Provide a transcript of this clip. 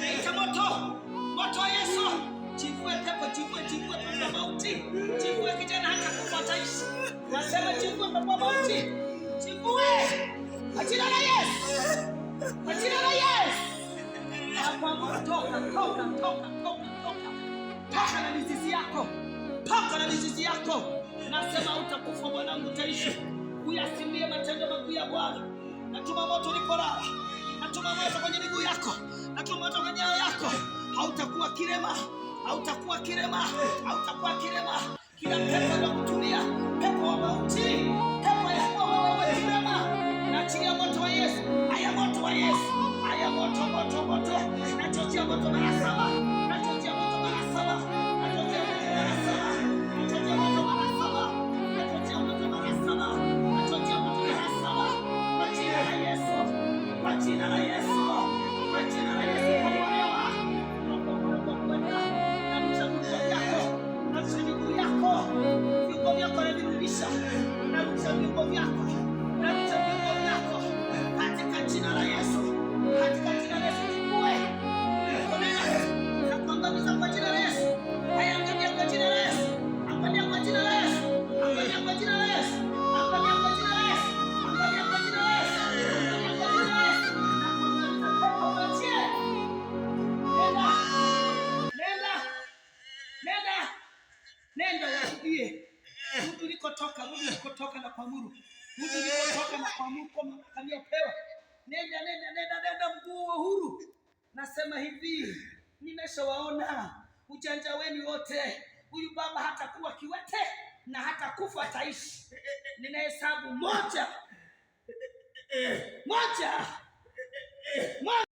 Naita moto, moto wa Yesu, chivue pepo, chivue, chivue pepo mauti, chivue kijana hata kupotaishi. Nasema chivue pepo mauti, chivue kwa jina la Yesu, kwa jina la Yesu. Hapa toka, toka, toka, toka, toka. Toka na mizizi yako, toka na mizizi yako. Nasema utakufa ya Bwana. Natuma moto ulipolala, natuma moto kwenye miguu yako, natuma moto kwenye nyayo yako. Hautakuwa kirema, hautakuwa kirema, hautakuwa kirema. Kila pepo ya kutumia, pepo wa mauti, pepo ya kuwa wewe kirema, natia moto wa Yesu, aya moto wa Yesu しないです Nenda urudie. Rudi ulikotoka, rudi ulikotoka na kuamuru. Rudi ulikotoka na kuamuru kwa mamlaka uliyopewa. Nenda, nenda, nenda, nenda mguu wa uhuru. Nasema hivi, nimeshawaona ujanja wenu wote. Huyu baba hatakuwa kiwete na hata kufa ataishi. Ninahesabu moja, moja, moja.